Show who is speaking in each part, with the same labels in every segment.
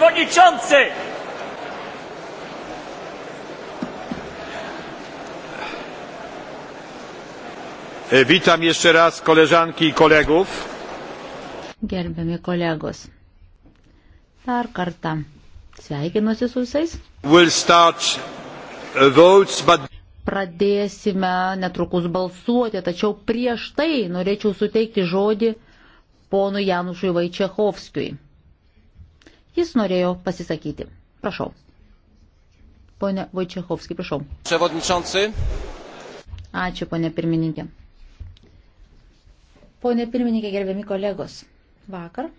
Speaker 1: przewodniczący!
Speaker 2: E, witam jeszcze raz koleżanki i kolegów.
Speaker 1: Gerbiami kolegos. Dar kartą sveikinuosi su visais.
Speaker 2: We'll start uh, votes, but...
Speaker 1: Pradėsime netrukus balsuoti, tačiau prieš tai norėčiau suteikti žodį ponui Janušui Vaičiachovskijui. Jis norėjo pasisakyti. Prašau. Pone Vojčiachovski, prašau. Ačiū, ponė pirmininkė. Pone pirmininkė, gerbiami kolegos. Vakar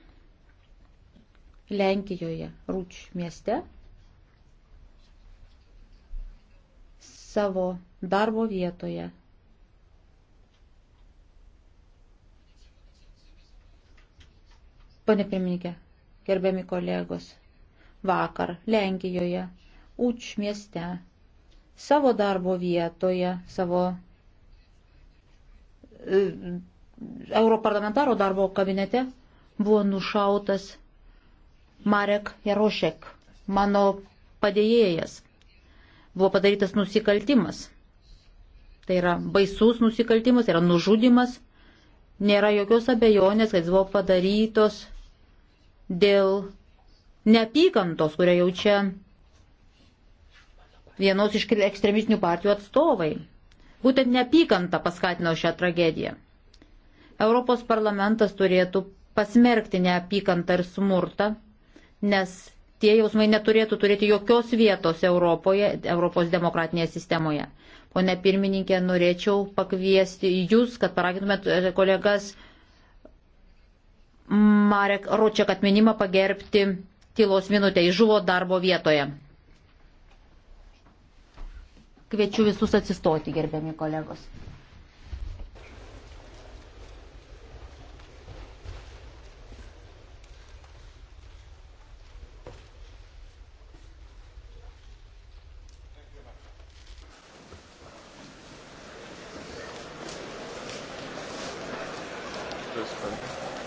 Speaker 1: Lenkijoje, Rūč mieste, savo darbo vietoje Pane pirmininkė, gerbiami kolegos, vakar Lenkijoje, Uč mieste, savo darbo vietoje, savo e, europarlamentaro darbo kabinete buvo nušautas Marek Jarošek, mano padėjėjas. Buvo padarytas nusikaltimas. Tai yra baisus nusikaltimas, tai yra nužudimas. Nėra jokios abejonės, kad jis buvo padarytos dėl neapykantos, kurią jaučia vienos iš ekstremistinių partijų atstovai. Būtent neapykanta paskatino šią tragediją. Europos parlamentas turėtų pasmerkti neapykantą ir smurtą, nes tie jausmai neturėtų turėti jokios vietos Europoje, Europos demokratinėje sistemoje. Pone pirmininkė, norėčiau pakviesti jūs, kad paragintumėt e, kolegas Marek Ročiak atminimą pagerbti tylos minutę. Jis žuvo darbo vietoje. Kviečiu visus atsistoti, gerbiami kolegos.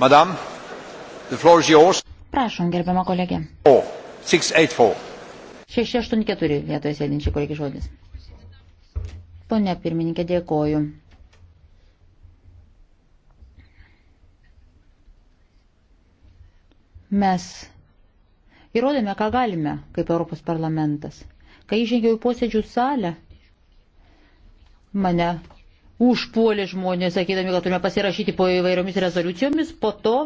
Speaker 2: Madame. Prašom,
Speaker 1: gerbiama kolegė. 684 vietoje sėdinčiai kolegė žodis. Pone pirmininkė, dėkoju. Mes įrodėme, ką galime, kaip Europos parlamentas. Kai įžengiau į posėdžių salę, mane užpuolė žmonės, sakydami, kad turime pasirašyti po įvairiomis rezoliucijomis, po to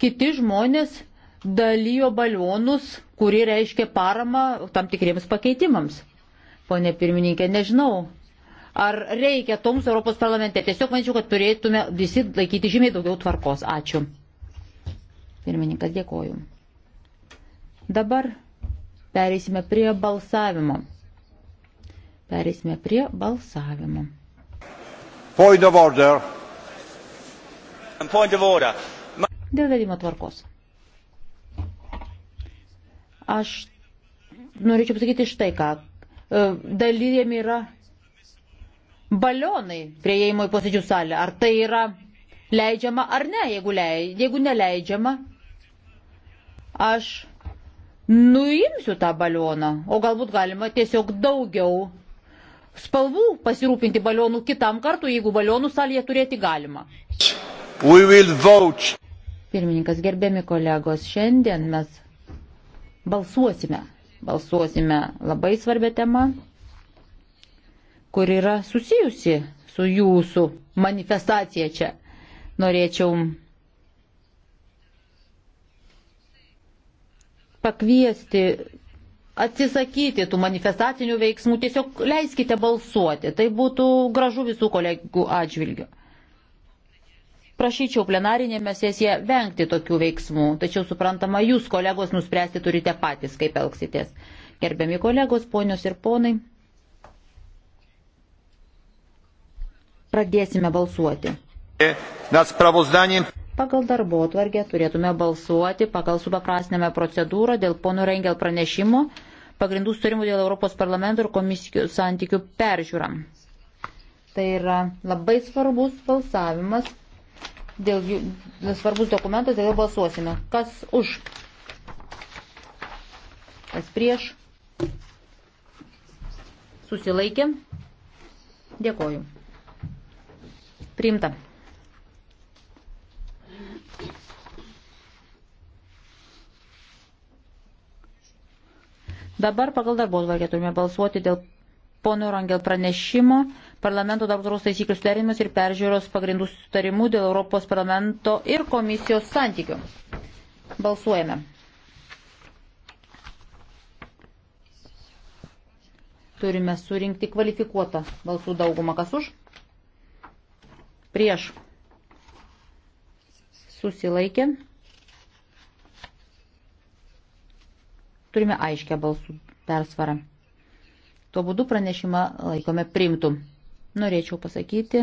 Speaker 1: kiti žmonės dalyjo balionus, kurie reiškia paramą tam tikriems pakeitimams. Pone pirmininkė, nežinau, ar reikia toms Europos parlamente. Tiesiog manyčiau, kad turėtume visi laikyti žymiai daugiau tvarkos. Ačiū. Pirmininkas, dėkoju. Dabar pereisime prie balsavimo. Pereisime prie balsavimo. Point of order. Point of order dėl vedimo tvarkos. Aš norėčiau pasakyti štai ką. E, dalyjami yra balionai prie įėjimo į posėdžių salę. Ar tai yra leidžiama ar ne, jeigu, leid, jeigu neleidžiama, aš nuimsiu tą balioną, o galbūt galima tiesiog daugiau spalvų pasirūpinti balionų kitam kartu, jeigu balionų salėje turėti galima. Pirmininkas, gerbiami kolegos, šiandien mes balsuosime. Balsuosime labai svarbią temą, kur yra susijusi su jūsų manifestacija čia. Norėčiau pakviesti atsisakyti tų manifestacinių veiksmų, tiesiog leiskite balsuoti. Tai būtų gražu visų kolegų atžvilgių. Prašyčiau plenarinėme sesijoje vengti tokių veiksmų, tačiau suprantama, jūs kolegos nuspręsti turite patys, kaip elgsitės. Gerbiami kolegos, ponios ir ponai, pradėsime balsuoti. Pagal darbo atvargę turėtume balsuoti pagal supaprastinamą procedūrą dėl ponų Rengel pranešimo pagrindų sutarimų dėl Europos parlamento ir komisijų santykių peržiūram. Tai yra labai svarbus balsavimas dėl jų svarbus dokumentas, tai dėl jo balsuosime. Kas už? Kas prieš? Susilaikė? Dėkoju. Priimta. Dabar pagal darbo tvarkę turime balsuoti dėl pono Rangel pranešimo parlamento darbos taisyklių suderinimas ir peržiūros pagrindų sutarimų dėl Europos parlamento ir komisijos santykių. Balsuojame. Turime surinkti kvalifikuotą balsų daugumą. Kas už? Prieš. Susilaikė. Turime aiškę balsų persvarą. Tuo būdu pranešimą laikome primtų. Norėčiau pasakyti,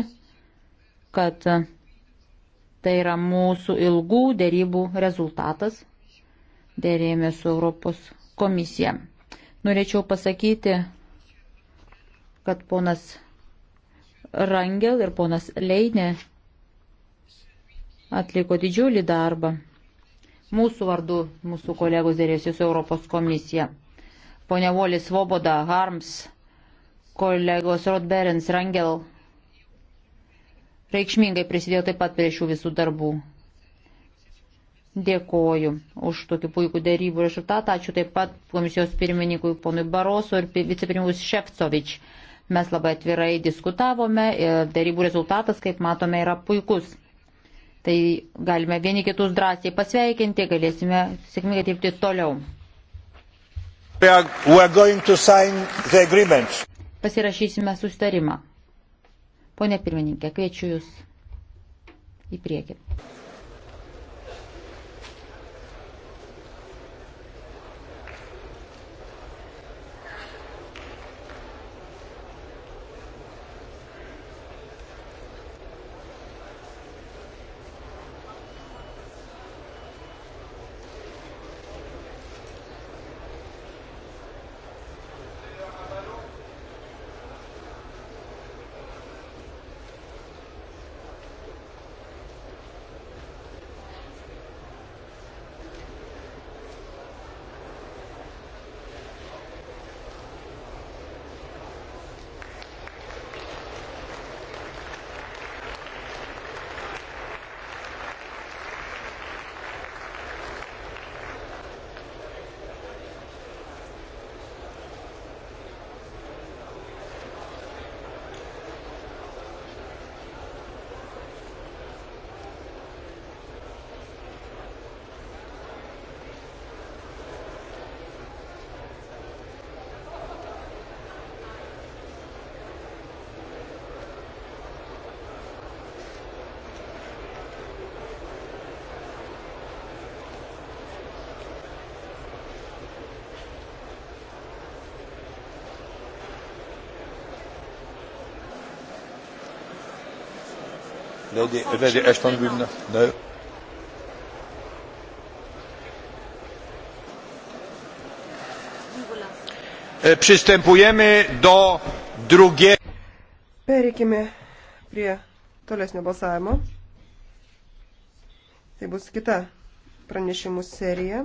Speaker 1: kad tai yra mūsų ilgų dėrybų rezultatas. Dėrėjome su Europos komisija. Norėčiau pasakyti, kad ponas Rangel ir ponas Leinė atliko didžiulį darbą. Mūsų vardu mūsų kolegos dėrėsi su Europos komisija ponia Volis Voboda, Harms, kolegos Rodberens, Rangel reikšmingai prisidėjo taip pat prie šių visų darbų. Dėkoju už tokį puikų dėrybų rezultatą. Ačiū taip pat komisijos pirmininkui ponui Baroso ir vicepirmininkus Šefcovič. Mes labai atvirai diskutavome ir dėrybų rezultatas, kaip matome, yra puikus. Tai galime vieni kitus drąsiai pasveikinti, galėsime sėkmingai dirbti toliau.
Speaker 2: We are, we are
Speaker 1: Pasirašysime sustarimą. Pone pirmininkė, kviečiu Jūs į priekį. Lady, Lady Ashton will know.
Speaker 2: E, przystępujemy do drugiego. Pereikime prie tolesnio balsavimo. Tai bus kita pranešimų serija.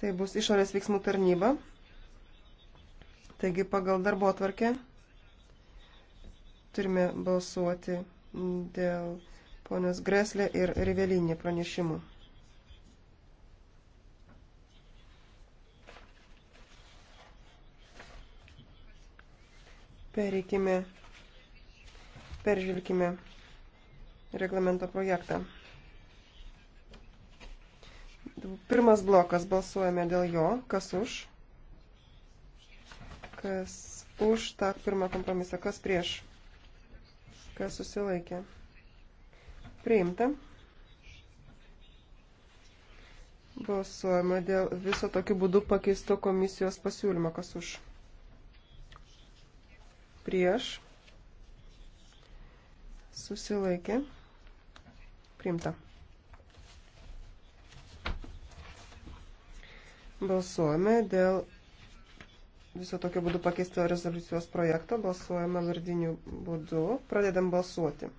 Speaker 2: Tai bus išorės veiksmų tarnyba. Taigi pagal darbo atvarkę turime balsuoti dėl ponios Greslė ir Rivelinė pranešimų. Pereikime, peržvelkime reglamento projektą. Pirmas blokas, balsuojame dėl jo, kas už, kas už tą pirmą kompromisą, kas prieš kas susilaikė. Priimta. Balsuojama dėl viso tokiu būdu pakeisto komisijos pasiūlymo, kas už. Prieš. Susilaikė. Priimta. Balsuojame dėl viso tokio būdu pakeisto rezoliucijos projekto. Balsuojama vardiniu būdu. Pradedam balsuoti.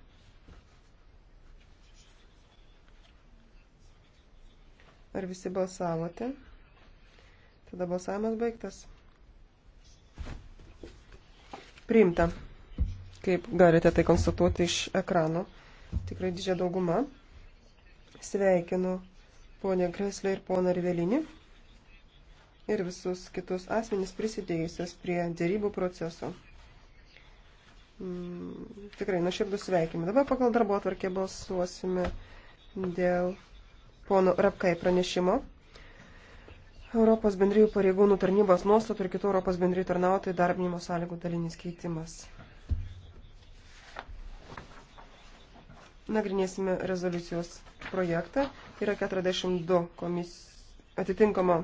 Speaker 2: Ar visi balsavote? Tada balsavimas baigtas. Priimta, kaip galite tai konstatuoti iš ekrano. Tikrai didžia dauguma. Sveikinu ponę Kreslę ir poną Rivelinį ir visus kitus asmenys prisidėjusios prie dėrybų proceso. Mm, tikrai nuoširdus sveikinimai. Dabar pagal darbo atvarkę balsuosime dėl pono Rapkai pranešimo. Europos bendrijų pareigūnų tarnybos nuostatų ir kitų Europos bendrijų tarnautojų darbinimo sąlygų dalinis keitimas. Nagrinėsime rezoliucijos projektą. Yra 42 komis... atitinkamo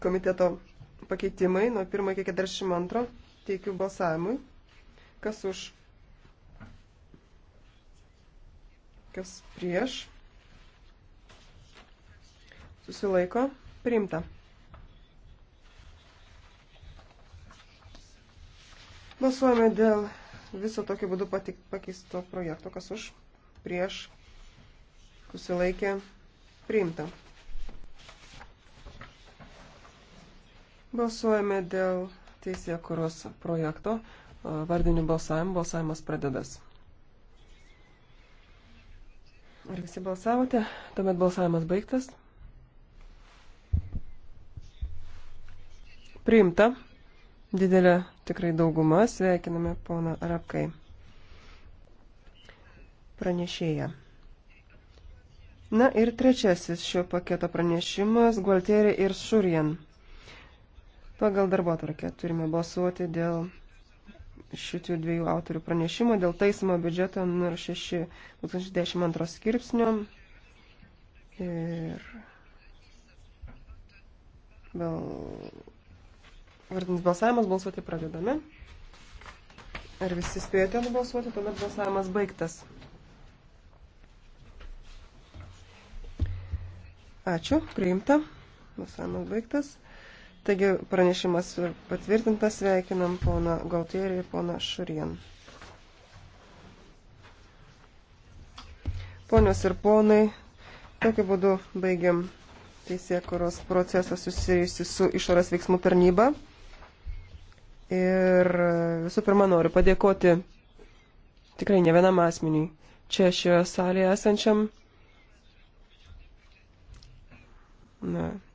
Speaker 2: komiteto pakeitimai nuo 1 iki 42 teikiu balsavimui. Kas už? Kas prieš? Susilaiko. Priimta. Balsuojame dėl viso tokiu būdu patik, pakeisto projekto. Kas už? Prieš? Susilaikė. Priimta. Balsuojame dėl teisėje kuros projekto. Vardinių balsavimų balsavimas pradedas. Ar visi balsavote? Tuomet balsavimas baigtas. Priimta. Didelė tikrai dauguma. Sveikiname poną Arapkai. Pranešėja. Na ir trečiasis šio paketo pranešimas - Gualterė ir Šurien. Pagal darbo atvarkę turime balsuoti dėl šitų dviejų autorių pranešimo dėl taisymo biudžeto 06 2012 skirpsnio ir bal... vardinis balsavimas balsuoti pradedame. Ar visi spėjote nubalsuoti, tuomet balsavimas baigtas. Ačiū, priimta. Balsavimas baigtas. Taigi pranešimas patvirtintas, sveikinam poną Gautierį ir poną Šurien. Ponios ir ponai, tokiu būdu baigiam teisėkuros procesą susijusi su išorės veiksmų tarnyba. Ir visų pirma noriu padėkoti tikrai ne vienam asmeniui čia šioje salėje esančiam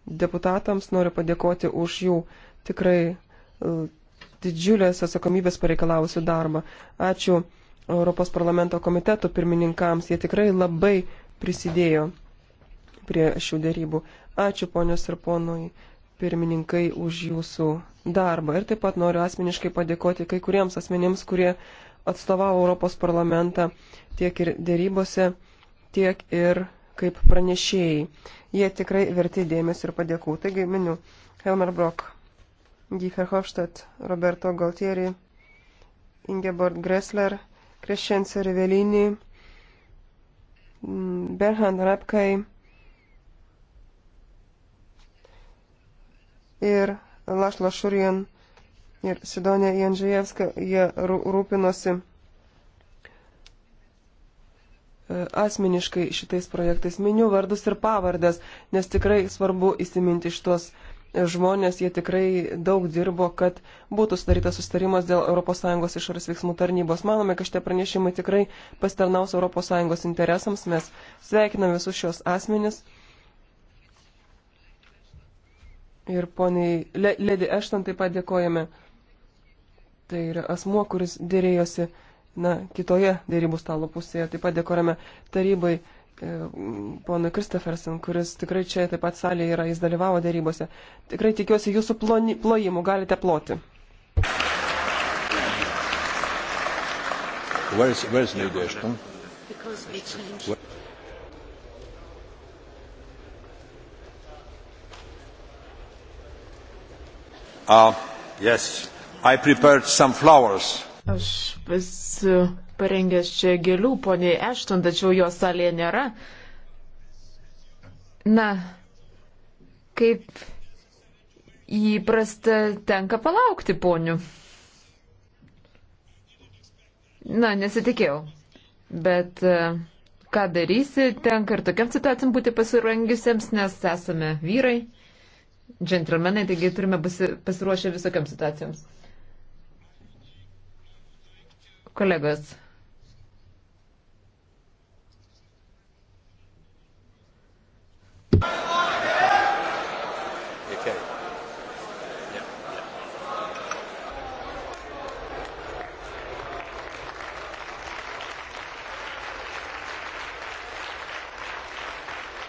Speaker 2: deputatams noriu padėkoti už jų tikrai e, didžiulės atsakomybės pareikalavusių darbą. Ačiū Europos parlamento komiteto pirmininkams, jie tikrai labai prisidėjo prie šių dėrybų. Ačiū ponios ir ponui pirmininkai už jūsų darbą. Ir taip pat noriu asmeniškai padėkoti kai kuriems asmenims, kurie atstovavo Europos parlamentą tiek ir dėrybose, tiek ir kaip pranešėjai. Jie tikrai verti dėmesio ir padėkų. Taigi miniu Helmer Brock, Giefer Hofstadt, Roberto Galtieri, Ingeborg Gressler, Crescenzo Rivelini, mm, Berhan Rapkai ir Lašla Šurien ir Sidonė Janžėjevska. Jie rūpinosi E, asmeniškai šitais projektais. Miniu vardus ir pavardės, nes tikrai svarbu įsiminti šitos e, žmonės, jie tikrai daug dirbo, kad būtų sudarytas sustarimas dėl ES išorės veiksmų tarnybos. Manome, kad šitie pranešimai tikrai pastarnaus ES interesams. Mes sveikiname visus šios asmenis. Ir poniai Ledi Ešton taip pat dėkojame. Tai yra asmuo, kuris dėrėjosi na, kitoje dėrybų stalo pusėje. Taip pat dėkojame tarybai e, ponui Kristofersen, kuris tikrai čia taip pat salėje yra, jis dalyvavo dėrybose. Tikrai tikiuosi jūsų ploni, plojimų, galite ploti.
Speaker 1: Where is, where is Lady Ashton?
Speaker 2: Because we changed. Where? Uh, yes, I prepared some flowers.
Speaker 1: Aš esu parengęs čia gėlių poniai Ešton, tačiau jo salėje nėra. Na, kaip įprasta, tenka palaukti ponių. Na, nesitikėjau. Bet e, ką darysi, tenka ir tokiam situacijam būti pasirangusiems, nes esame vyrai, džentelmenai, taigi turime pasiruošę visokiam situacijoms. Kolegos,